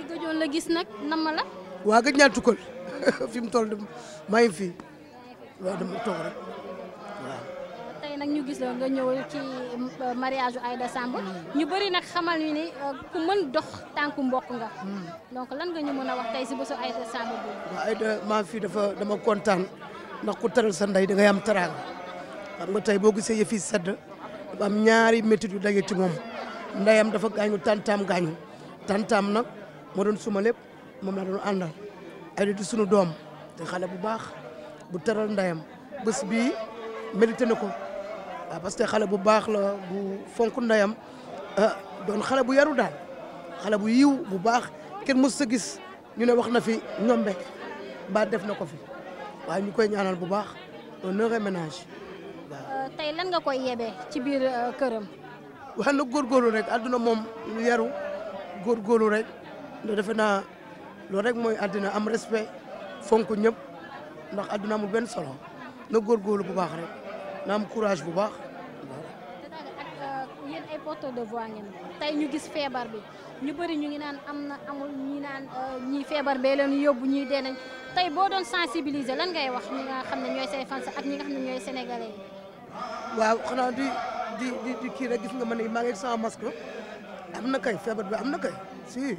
mi gëjoon la gis nag nam la. waa gëj naa fi mu toll maa ngi fi waaw dama toog rek nag ñu gis la nga ñëw ci euh, mariage u Aida Samb ñu bëri nag xamal ñu ni euh, dox tànku mbokk nga. Hmm. donc lan nga ñu mën a wax tey si bésu Aida Samb bi. waaw Aida maa fi dafa dama kontaan ndax ku teral sa ndey da ngay am teraanga xam nga tey boo gisee yëf yi sedd dafa am ñaari métit yu daje ci moom ndeyam dafa gaañu tantam gaañu tantam nag. moo doon suma lépp moom laa doon àndal ay di sunu doom te xale bu baax bu teral ndeyam bés bii mérité na ko waaw parce que xale bu baax la bu fonk ndeyam doon xale bu yaru daal xale bu yiw bu baax kenn mës sa gis ñu ne wax na fi ñombe ba def na ko fi waaye ñu koy ñaanal bu baax un heureux ménage waaw. tey lan nga koy yebee ci biir këram. wax na góorgóorlu rek àdduna moom yaru góorgóorlu rek. te defe naa loolu rek mooy àddina am respect fonk ñëpp ndax àddina amul benn solo góor góorgóorlu bu baax rek na am courage bu baax. yéen de voix ngeen ñu gis feebar bi ñu bari ñu ngi naan am na amul ñi euh, ñii feebar bee leen yóbbu ñii dee nañ tey boo doon sensibiliser lan ngay wax ñi nga xam ne ñooy say yi. waaw xanaa di di di kii rek gis nga ma ne maa ngi sama masque am na kay feebar bi am na kay si.